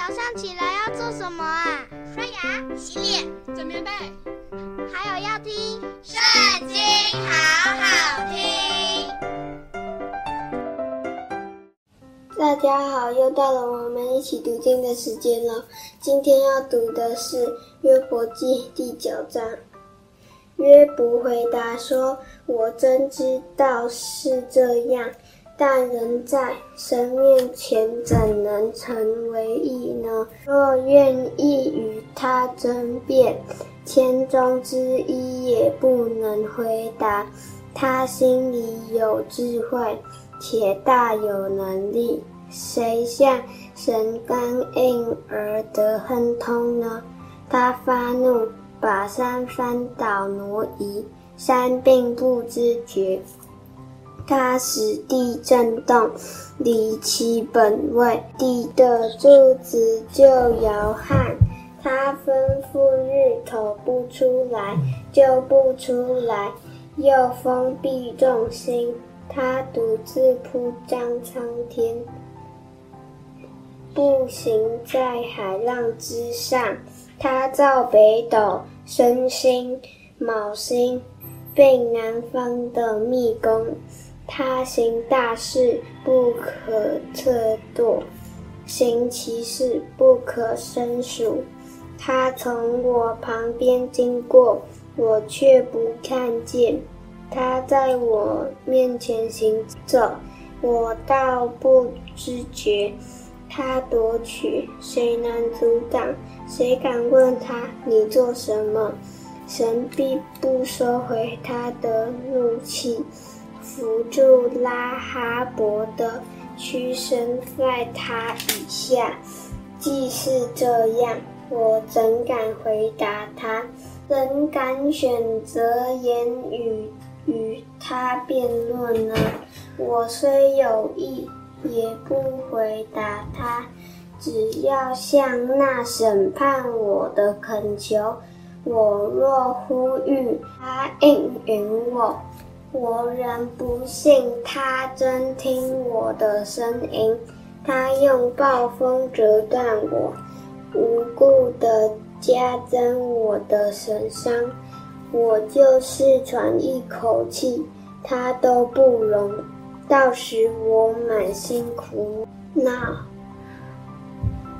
早上起來要做什麼啊？刷牙、洗臉、準備準備，還有要聽《聖經好好聽》。大家好，又到了我們一起讀經的時間了。今天要讀的是《約伯記》第九章。約伯回答說：“我真知道是這樣。”但人在神面前怎能成為義呢？若願意與他爭辯，千中之一也不能回答。他心裡有智慧，且大有能力，誰向神剛硬而得亨通呢？他發怒，把山翻倒挪移，山並不知覺。他使地震動，離其本位，地的柱子就搖撼。他吩咐日頭不出來，就不出來；又封閉眾星，他獨自鋪張蒼天，步行在海浪之上。他造北斗、參星、昴星，並南方的密宮。他行大事，不可測度，行奇事，不可勝數。他從我旁邊經過，我卻不看見；他在我面前行走，我倒不知覺。他奪取，誰能阻擋？誰敢問他，你做什麼？神必不收回他的怒氣。扶助拉哈伯的，屈身在他以下，既是這樣，我怎敢回答他？怎敢選擇言語與他辯論呢？我雖有義，也不回答他。只要向那審判我的懇求，我若呼籲，他應允我。我仍不信他真聽我的聲音。他用暴風折斷我，無故的加增我的損傷。我就是喘一口氣，他都不容，倒使我滿心苦惱。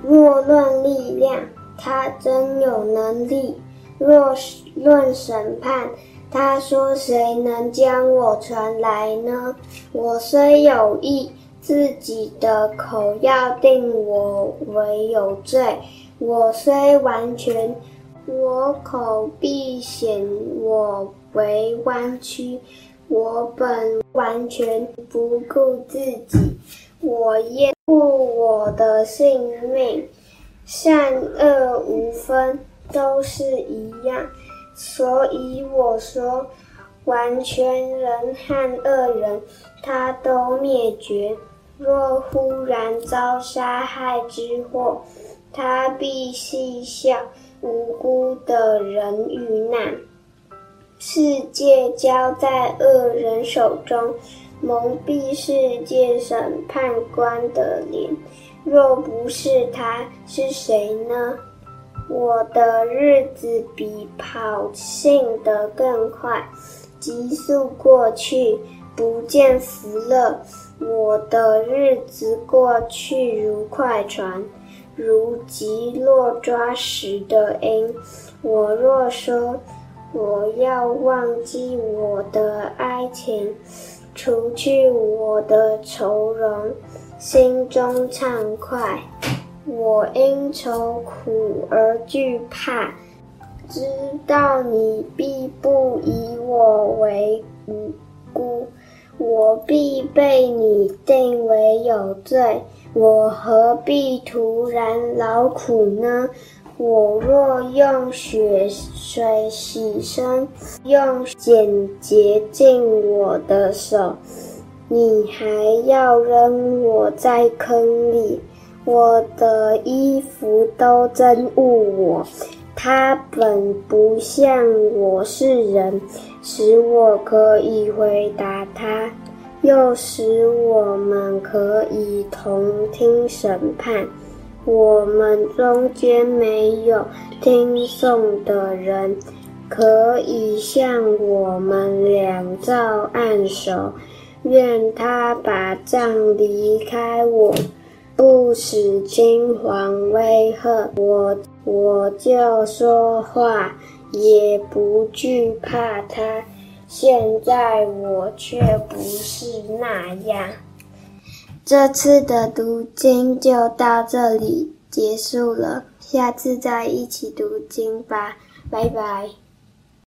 若、no, 論力量，他真有能力；若論審判，他說：“誰能將我傳來呢？我雖有義，自己的口要定我為有罪；我雖完全，我口必顯我為彎曲；我本完全，不顧自己，我厭惡我的性命，善惡無分，都是一樣。”所以我說，完全人和惡人，他都滅絕。若忽然遭殺害之禍，他必戲笑無辜的人遇難。世界交在惡人手中，蒙蔽世界審判官的臉。若不是他，是誰呢？我的日子比跑信的更快，急速過去，不見福樂。我的日子過去如快船，如急落抓食的鷹。我若說，我要忘記我的哀情，除去我的愁容，心中暢快。我因愁苦而懼怕，知道你必不以我為無辜，我必被你定為有罪，我何必徒然勞苦呢？我若用雪水洗身，用鹼潔淨我的手，你還要扔我在坑裡，我的衣服都憎惡我，他本不像我是人，使我可以回答他，又使我們可以同聽審判。我們中間沒有聽訟的人，可以向我們兩造按手。願他把杖離開我。不使驚惶威嚇我，我就說話，也不懼怕他。現在我卻不是那樣。 這次的讀經就到這裡結束了，下次再一起讀經吧，拜拜。